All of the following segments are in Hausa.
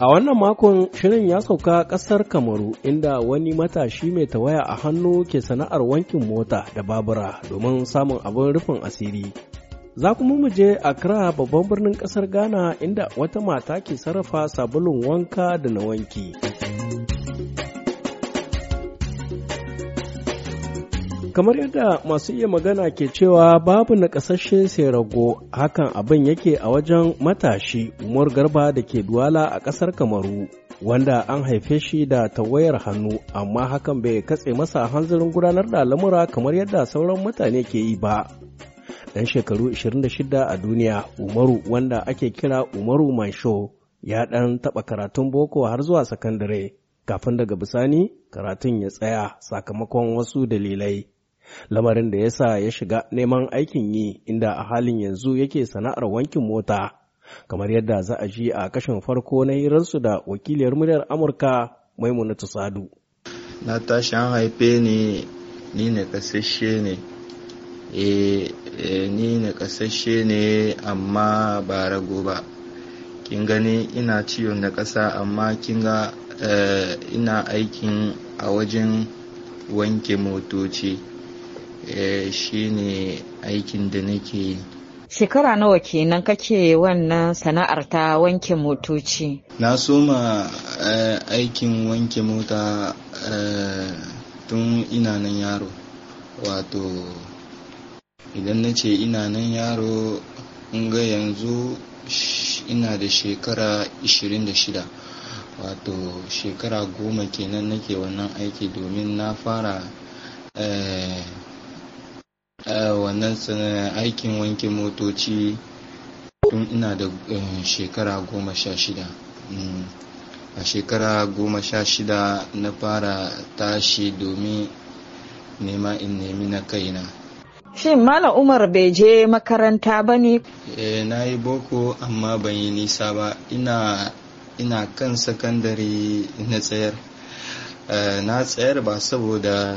A wannan makon shirin ya sauka ƙasar Kamaru inda wani matashi mai tawaya a hannu ke sana'ar wankin mota da babura domin samun abin rufin asiri. Za kuma mu je Accra babban birnin ƙasar Ghana inda wata mata ke sarrafa sabulun wanka da na wanki. kamar yadda masu iya magana ke cewa babu na kasashe sai rago hakan abin yake a wajen matashi umar garba da ke duwala a ƙasar kamaru wanda an haife shi da tawayar hannu amma hakan bai katse masa hanzarin gudanar da lamura kamar yadda sauran mutane ke yi ba dan shekaru 26 a duniya umaru wanda ake kira umaru mansho ya ɗan taɓa karatun boko har zuwa sakandare kafin daga bisani karatun ya tsaya sakamakon wasu dalilai lamarin da ya sa ya shiga neman aikin yi inda a halin yanzu yake sana'ar wankin mota kamar yadda za a ji a kashin farko na hirarsu da wakiliyar muryar amurka maimunatu sadu na tashi an haife ni ni ne kasashe ne eh, eh, ni ne kasashe ne amma ba rago ba kin gani ina ciwon da ƙasa amma kin ga eh, ina aikin a wajen wanke motoci Eh, shine aikin da nake yi shekara nawa kenan kake wannan sana'ar ta wanke motoci na soma eh, aikin wanke mota eh, tun ina nan yaro wato idan na ce ina nan yaro ga yanzu ina da shekara 26 wato shekara goma kenan nake wannan aiki domin na fara wannan aikin wanke motoci tun ina da eh, shekara goma sha shida mm. a shekara goma sha shida na fara tashi domin nema in nemi na kaina shin mala umar bai je makaranta ba ne eh, na yi boko amma ban yi nisa ba ina ina kan sakandare na tsayar eh, na tsayar ba saboda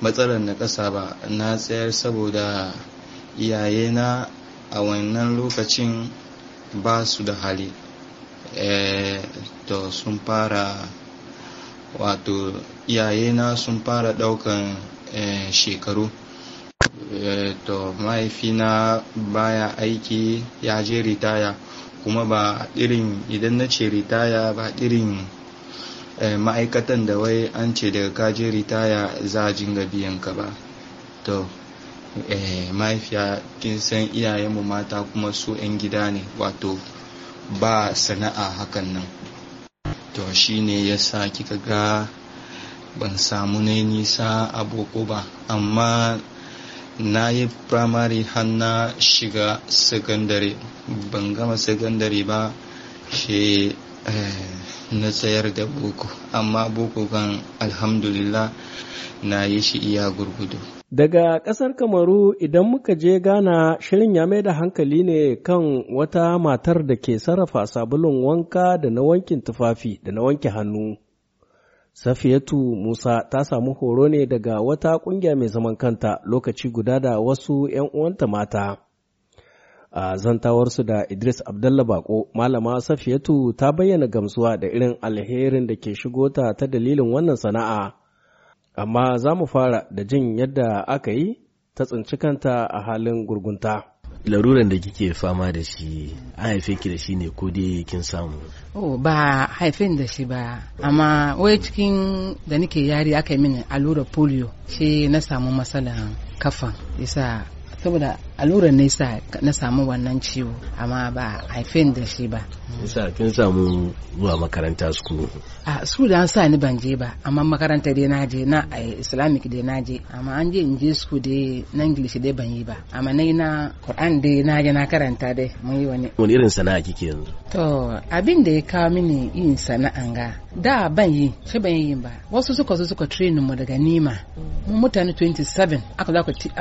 matsalar na ƙasa ba na tsayar saboda iyayena a wannan lokacin ba su da hali eh, to sun fara wato iyayena sun fara ɗaukan eh, shekaru eh, to mahaifina baya aiki ya je ritaya kuma ba irin idan na ce ritaya ba irin Eh, ma'aikatan da wai an ce daga kaje ritaya za a jinga biyan ka ba to eh, mahaifiya kin san iyayenmu mata kuma su 'yan gida ne wato ba sana'a hakan nan to shi ya sa kika ga ban samu ne nisa a ba amma na yi firamare har na shiga sakandare ban gama sakandare ba shi Eh, na tsayar da boko amma boko kan alhamdulillah na yi shi iya gurgudu daga ƙasar kamaru idan muka je ghana shirin ya mai da hankali ne kan wata matar da ke sarrafa sabulun wanka da na wankin tufafi da na wanke hannu Safiyatu Musa ta samu horo ne daga wata ƙungiya mai zaman kanta lokaci guda da wasu 'yan uwanta mata. a zantawarsu da Idris Abdallah Bako malama Safiyatu ta bayyana gamsuwa da irin alherin da ke shigo ta ta dalilin wannan sana'a amma za mu fara da jin yadda aka yi ta tsinci kanta a halin gurgunta laruran da kike fama da shi an haife ki da shi ne ko dai kin samu oh ba haifin da shi ba amma wai cikin da nake yari aka yi mini allurar polio shi na samu matsalan kafa isa saboda allurar ne na samu wannan ciwo amma ba haifin da shi ba nisa kin samu zuwa makaranta su a su da sa ni ban je ba amma makaranta dai na je na eh, islamic dai na je amma an je in je su dai na english dai ban yi ba amma na yi na qur'an dai na je na karanta dai mun yi wani wani irin sana'a kike yanzu to abin da ya kawo mini yin sana'an ga da ban yi shi ban yi ba wasu suka su suka training mu daga nima mu mutane 27 aka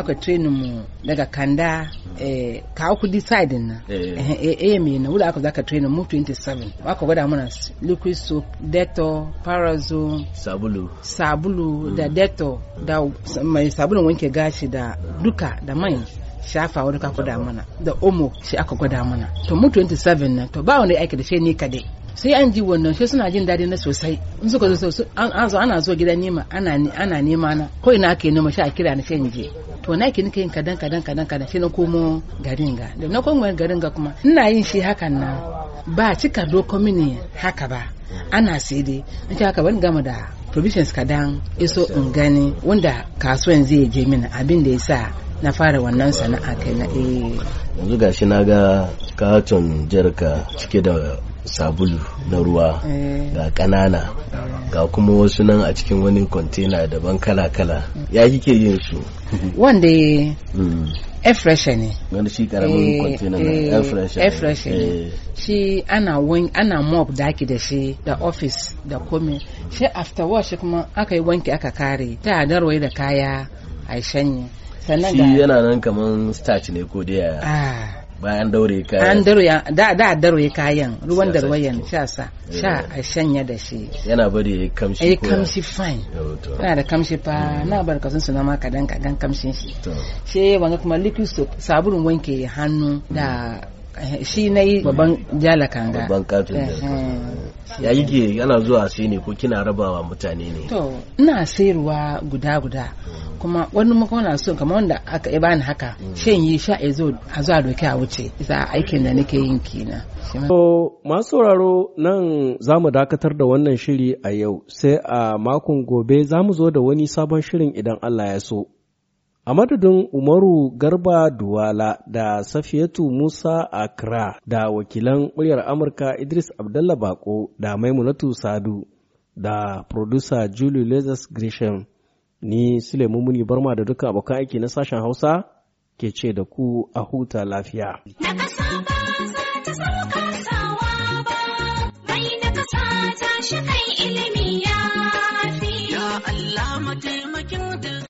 aka training mu daga kanda ya eh, ka aku decide na eh, eh, eh me na wula aka zaka train mu 27 aka gwada mana liquid soap detto parazo sabulu sabulu mm. da detto da mai sabulun wanke gashi da mm. duka da mai shafa wani ka gwada mana da omo shi aka gwada mana to mu 27 na to ba wani aiki da shi ni kadai sai an ji wannan shi suna jin daɗi na sosai in suka zo an zo ana zo gidan nema ana ana nema na ko ina ake nema shi a kira na shan je to na ke nika yin kadan kadan kadan kadan shi na komo garin ga da na komo garin ga kuma ina yin shi hakan na ba cika doko mini haka ba ana sai dai in ci haka ban gama da provisions kadan iso in gani wanda kasuwan zai je mini abin da ya sa na fara wannan sana'a kai na eh yanzu gashi na ga katon jarka cike da sabulu na ruwa eh. ga kanana ga kuma wasu nan a cikin wani kwantena daban kala-kala ya kike yin su wanda hmm. air fresher ne wanda shi karamin kwantena eh, na eh, air fresher ne shi ana wani ana da daki da shi da office da komi shi after wash kuma aka yi wanki aka kare ta darwai da kaya a shanye sannan shi yana nan kamar starch ne ko da ah. bayan daure kayan da da daure kayan ruwan da ruwayan sha sa eh. sha a shanya da shi yana bari ya kamshi eh kamshi fine yana da kamshi fa hmm. na barkatun su na ma kadan kagan kamshin shi she wanga kuma liquid soap sabulun wanke hannu da shi na yi babban jalakanga babban katin eh, eh. Eh, ya yi ke yana zuwa su ne ko kina rabawa mutane ne to ina sayarwa guda guda kuma wani maka na so kamar wanda aka yi bani haka mm. shan yi sha a zo a zuwa doki a wuce za aikin da nake yin kina to masu sauraro nan za mu dakatar da wannan shiri a yau sai a makon gobe za mu zo da wani sabon shirin idan Allah ya so A madadin Umaru Garba Duwala da Safiyatu Musa Akra da wakilan muryar Amurka Idris Abdalla Bako da Maimunatu Sadu da producer Julie Lazarus Grisham ni Sulaimu Muni Barma da duka abokan aiki na sashen Hausa ke ce da ku a huta lafiya.